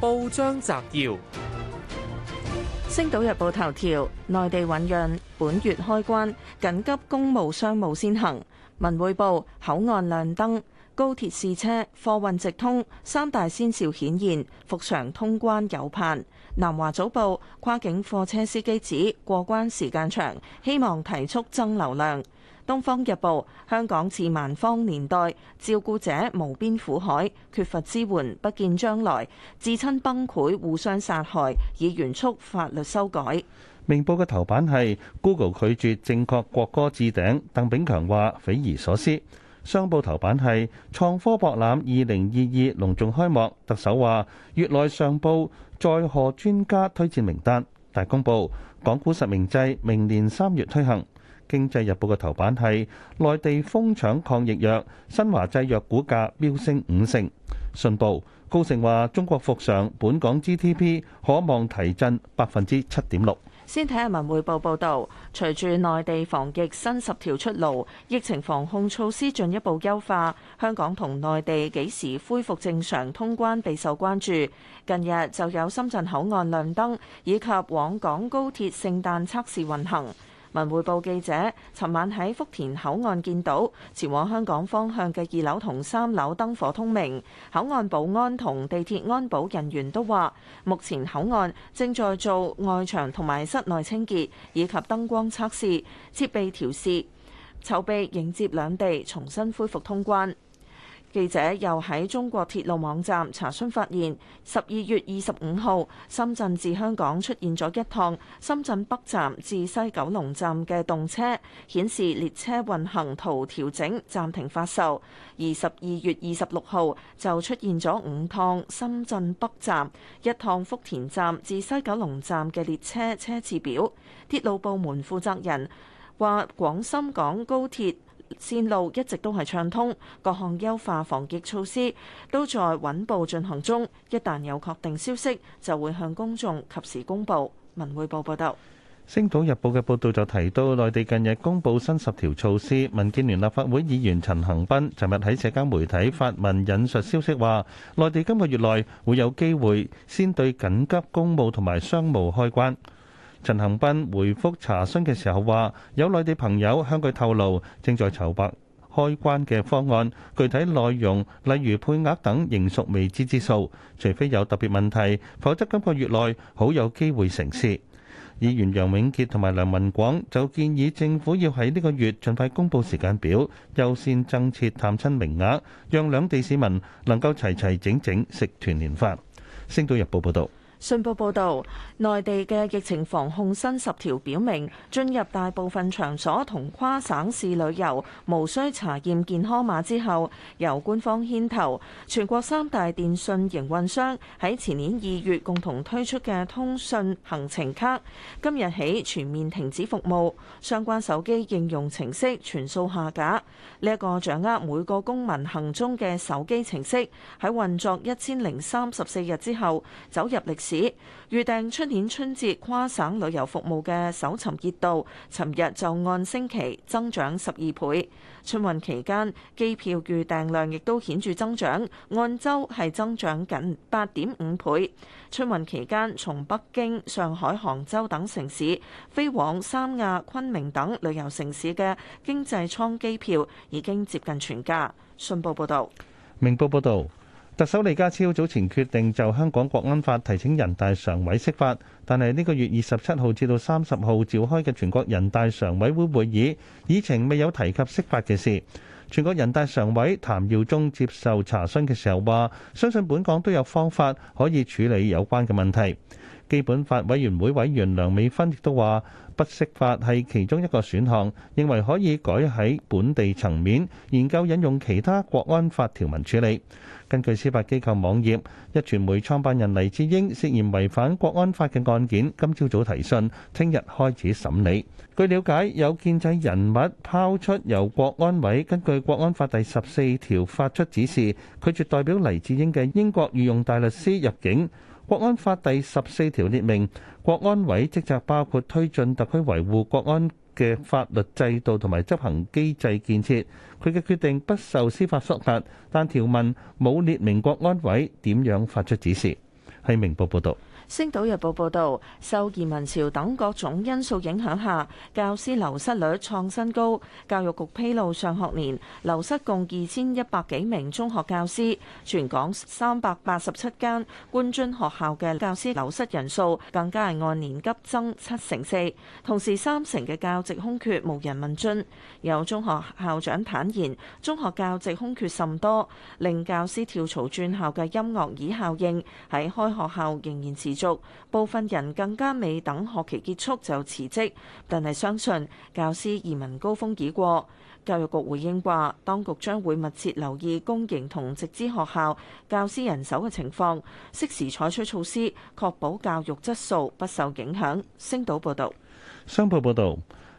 報章摘要：《星島日報》頭條，內地醞釀，本月開關，緊急公務商務先行。《文匯報》口岸亮燈，高鐵試車，貨運直通，三大先兆顯現，復常通關有盼。南華早報，跨境貨車司機指過關時間長，希望提速增流量。東方日報，香港似萬方年代，照顧者無邊苦海，缺乏支援，不見將來，至親崩潰，互相殺害，議員促法律修改。明報嘅頭版係 Google 拒絕正確國歌置頂，鄧炳強話匪夷所思。商報頭版係創科博覽二零二二隆重開幕，特首話月內上報。載荷專家推薦名單大公佈，港股實名制明年三月推行。經濟日報嘅頭版係內地瘋搶抗疫藥，新華製藥股價飆升五成。信報，高盛話中國復常，本港 GDP 可望提振百分之七點六。先睇下文匯報報導，隨住內地防疫新十條出爐，疫情防控措施進一步優化，香港同內地幾時恢復正常通關，備受關注。近日就有深圳口岸亮燈，以及往港高鐵聖誕測試運行。文匯報記者尋晚喺福田口岸見到，前往香港方向嘅二樓同三樓燈火通明，口岸保安同地鐵安保人員都話，目前口岸正在做外牆同埋室內清潔，以及燈光測試、設備調試，籌備迎接兩地重新恢復通關。記者又喺中國鐵路網站查詢發現，十二月二十五號深圳至香港出現咗一趟深圳北站至西九龍站嘅動車，顯示列車運行圖調整、暫停發售；而十二月二十六號就出現咗五趟深圳北站、一趟福田站至西九龍站嘅列車車次表。鐵路部門負責人話：廣深港高鐵，線路一直都係暢通，各項優化防疫措施都在穩步進行中。一旦有確定消息，就會向公眾及時公佈。《文匯報》報導，《星島日報》嘅報導就提到，內地近日公布新十條措施。民建聯立法會議員陳恒鑌尋日喺社交媒體發文引述消息話，內地今個月內會有機會先對緊急公務同埋商務開關。陳恆斌回覆查詢嘅時候話：有內地朋友向佢透露，正在籌劃開關嘅方案，具體內容例如配額等仍屬未知之數。除非有特別問題，否則今個月內好有機會成事。議員楊永傑同埋梁文廣就建議政府要喺呢個月盡快公布時間表，優先增設探親名額，讓兩地市民能夠齊齊整整食團年飯。星島日報報導。信報報導，內地嘅疫情防控新十條表明，進入大部分場所同跨省市旅遊無需查驗健康碼之後，由官方牽頭，全國三大電訊營運商喺前年二月共同推出嘅通訊行程卡，今日起全面停止服務，相關手機應用程式全數下架。呢一個掌握每個公民行蹤嘅手機程式，喺運作一千零三十四日之後，走入歷史。指預訂出年春節跨省旅遊服務嘅搜尋熱度，尋日就按星期增長十二倍。春運期間機票預訂量亦都顯著增長，按周係增長近八點五倍。春運期間從北京、上海、杭州等城市飛往三亞、昆明等旅遊城市嘅經濟艙機票已經接近全價。信報報道。明報報導。特首李家超早前決定就香港國安法提請人大常委釋法，但係呢個月二十七號至到三十號召開嘅全國人大常委會會議，議程未有提及釋法嘅事。全國人大常委譚耀宗接受查詢嘅時候話，相信本港都有方法可以處理有關嘅問題。基本法委員會委員梁美芬亦都話不釋法係其中一個選項，認為可以改喺本地層面研究引用其他國安法條文處理。根據司法機構網頁一傳媒創辦人黎智英涉嫌違反國安法嘅案件，今朝早提訊，聽日開始審理。據了解，有建制人物拋出由國安委根據國安法第十四條發出指示，拒絕代表黎智英嘅英國御用大律師入境。《國安法》第十四條列明，國安委職責包括推進特區維護國安嘅法律制度同埋執行機制建設。佢嘅決定不受司法覆核，但條文冇列明國安委點樣發出指示。係明報報道。《星島日報》報道，受移民潮等各種因素影響下，教師流失率創新高。教育局披露，上學年流失共二千一百幾名中學教師，全港三百八十七間官津學校嘅教師流失人數更加係按年急增七成四，同時三成嘅教職空缺無人問津。有中學校長坦言，中學教職空缺甚多，令教師跳槽轉校嘅音樂椅效應喺開。學校仍然持續，部分人更加未等學期結束就辭職，但係相信教師移民高峰已過。教育局回應話，當局將會密切留意公營同直資學校教師人手嘅情況，適時採取措施，確保教育質素不受影響。星島報道，商報報道。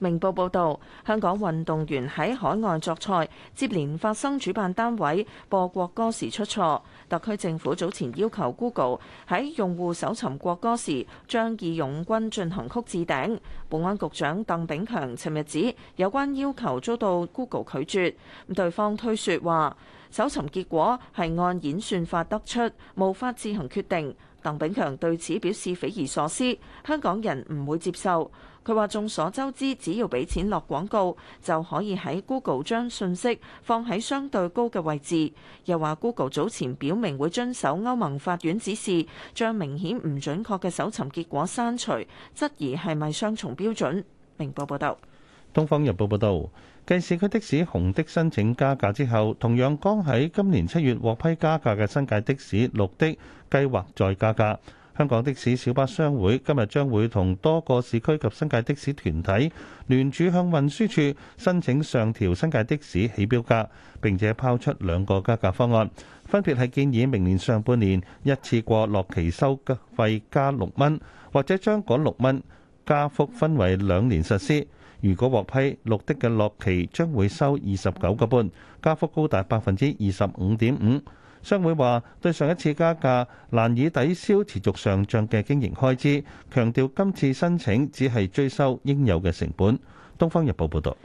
明報報導，香港運動員喺海外作賽，接連發生主辦單位播國歌時出錯。特區政府早前要求 Google 喺用戶搜尋國歌時，將《義勇軍進行曲》置頂。保安局長鄧炳強尋日指，有關要求遭到 Google 拒絕，對方推説話搜尋結果係按演算法得出，無法自行決定。鄧炳強對此表示匪夷所思，香港人唔會接受。佢話：眾所周知，只要俾錢落廣告，就可以喺 Google 將信息放喺相對高嘅位置。又話 Google 早前表明會遵守歐盟法院指示，將明顯唔準確嘅搜尋結果刪除，質疑係咪雙重標準？明報報道：《東方日報》報道，繼市區的的士紅的申請加價之後，同樣剛喺今年七月獲批加價嘅新界的士綠的計劃再加價。香港的士小巴商會今日將會同多個市區及新界的士團體聯署向運輸署申請上調新界的士起標價，並且拋出兩個加價方案，分別係建議明年上半年一次過落旗收費加六蚊，或者將嗰六蚊加幅分為兩年實施。如果獲批，綠的嘅落旗將會收二十九個半，加幅高達百分之二十五點五。商會話：對上一次加價難以抵消持續上漲嘅經營開支，強調今次申請只係追收應有嘅成本。《東方日報》報導。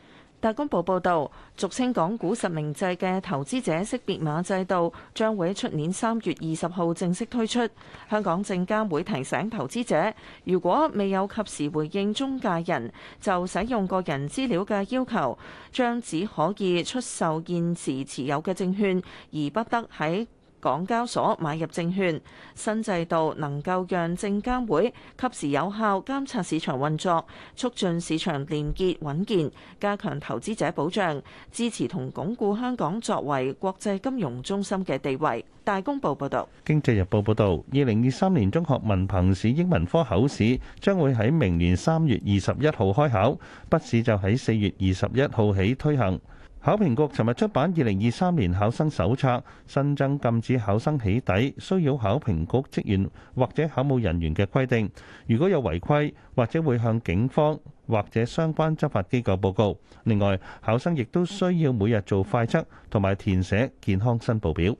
大公報報導，俗稱港股實名制嘅投資者識別碼制度將會喺出年三月二十號正式推出。香港證監會提醒投資者，如果未有及時回應中介人就使用個人資料嘅要求，將只可以出售現時持有嘅證券，而不得喺港交所買入證券。新制度能夠讓證監會及時有效監察市場運作，促進市場連結穩健，加強投資者保障，支持同鞏固香港作為國際金融中心嘅地位。大公報報導，《經濟日報》報導，二零二三年中學文憑試英文科口試將會喺明年三月二十一號開考，筆試就喺四月二十一號起推行。考評局尋日出版《二零二三年考生手冊》，新增禁止考生起底騷擾考評局職員或者考務人員嘅規定。如果有違規，或者會向警方或者相關執法機構報告。另外，考生亦都需要每日做快測同埋填寫健康申報表。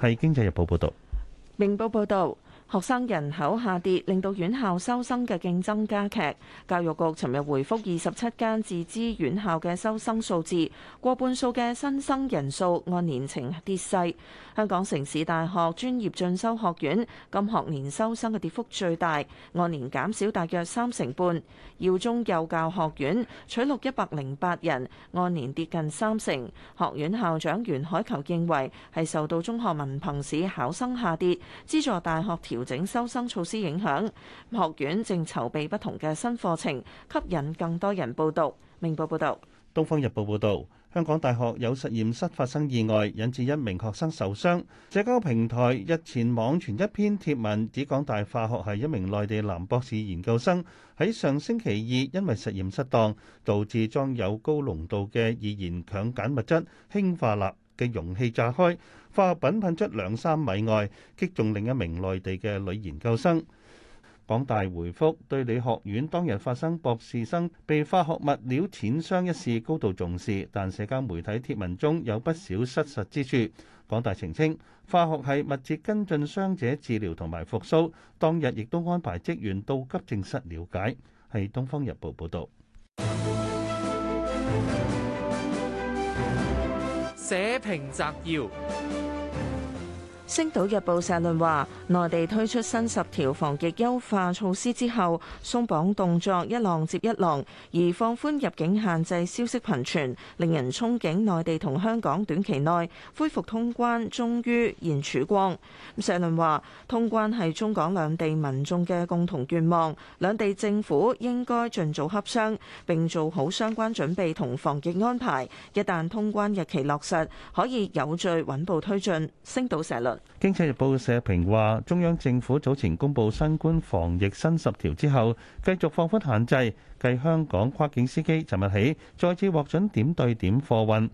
係《經濟日報》報道，《明報》報道。學生人口下跌，令到院校收生嘅競爭加劇。教育局尋日回覆二十七間自資院校嘅收生數字，過半數嘅新生人數按年呈跌勢。香港城市大學專業進修學院今學年收生嘅跌幅最大，按年減少大約三成半。耀中幼教學院取錄一百零八人，按年跌近三成。學院校長袁海球認為係受到中學文憑試考生下跌，資助大學調調整收生措施影響，學院正籌備不同嘅新課程，吸引更多人報讀。明報報導。東方日報報導。香港大學有實驗室發生意外，引致一名學生受傷。社交平台日前網傳一篇貼文，指港大化學系一名內地男博士研究生喺上星期二因為實驗失當，導致裝有高濃度嘅易燃強鹼物質氫化鈉嘅容器炸開，化學品噴出兩三米外，擊中另一名內地嘅女研究生。港大回覆對理學院當日發生博士生被化學物料淺傷一事高度重視，但社交媒體貼文中有不少失實之處。港大澄清，化學系密切跟進傷者治療同埋復甦，當日亦都安排職員到急症室了解。係《東方日報》報導。報章摘要。星島日報社論話：內地推出新十條防疫優化措施之後，鬆綁動作一浪接一浪，而放寬入境限制消息頻傳，令人憧憬內地同香港短期內恢復通關終於現曙光。咁社論話：通關係中港兩地民眾嘅共同願望，兩地政府應該盡早洽商並做好相關準備同防疫安排。一旦通關日期落實，可以有序穩步推進。星島社論。《經濟日報》社評話：中央政府早前公布新冠防疫新十條之後，繼續放寬限制。繼香港跨境司機尋日起再次獲准點對點貨運，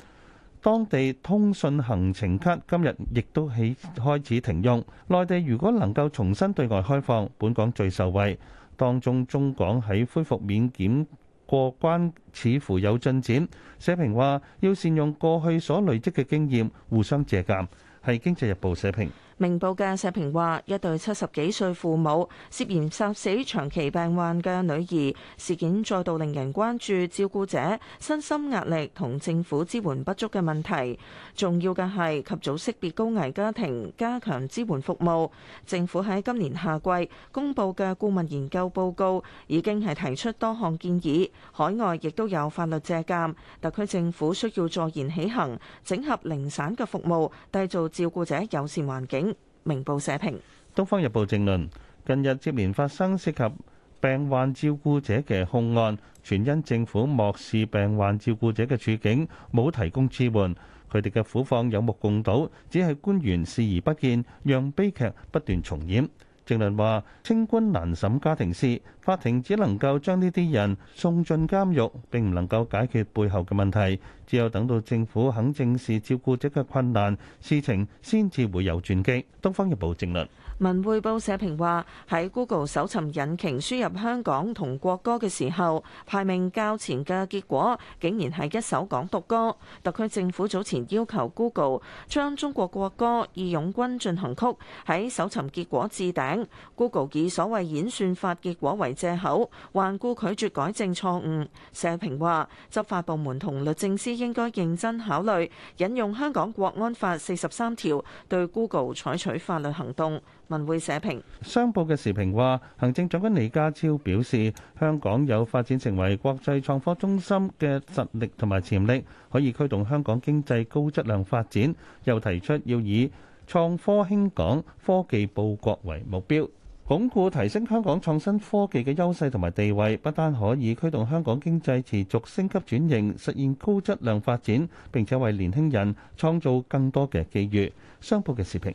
當地通訊行程卡今日亦都起開始停用。內地如果能夠重新對外開放，本港最受惠。當中中港喺恢復免檢過關似乎有進展。社評話：要善用過去所累積嘅經驗，互相借鑑。係《經濟日報》社評。明報嘅社評話：一對七十幾歲父母涉嫌殺死長期病患嘅女兒，事件再度令人關注照顧者身心壓力同政府支援不足嘅問題。重要嘅係及早識別高危家庭，加強支援服務。政府喺今年夏季公佈嘅顧問研究報告已經係提出多項建議。海外亦都有法律借鑑，特區政府需要坐言起行，整合零散嘅服務，締造照顧者友善環境。明報社評。東方日報正論，近日接連發生涉及病患照顧者嘅兇案，全因政府漠視病患照顧者嘅處境，冇提供支援，佢哋嘅苦況有目共睹，只係官員視而不見，讓悲劇不斷重演。正論話：清官難審家庭事，法庭只能夠將呢啲人送進監獄，並唔能夠解決背後嘅問題。只有等到政府肯正視照顧者嘅困難，事情先至會有轉機。《東方日報》正論。文匯報社評話喺 Google 搜尋引擎輸入香港同國歌嘅時候，排名較前嘅結果竟然係一首港獨歌。特區政府早前要求 Google 將中國國歌《義勇軍進行曲》喺搜尋結果置頂，Google 以所謂演算法結果為借口，頑固拒絕改正錯誤。社評話執法部門同律政司應該認真考慮引用香港國安法四十三條，對 Google 採取法律行動。文匯社評商報嘅時評話，行政長官李家超表示，香港有發展成為國際創科中心嘅實力同埋潛力，可以驅動香港經濟高質量發展。又提出要以創科興港、科技報國為目標，鞏固提升香港創新科技嘅優勢同埋地位，不單可以驅動香港經濟持續升級轉型，實現高質量發展，並且為年輕人創造更多嘅機遇。商報嘅時評。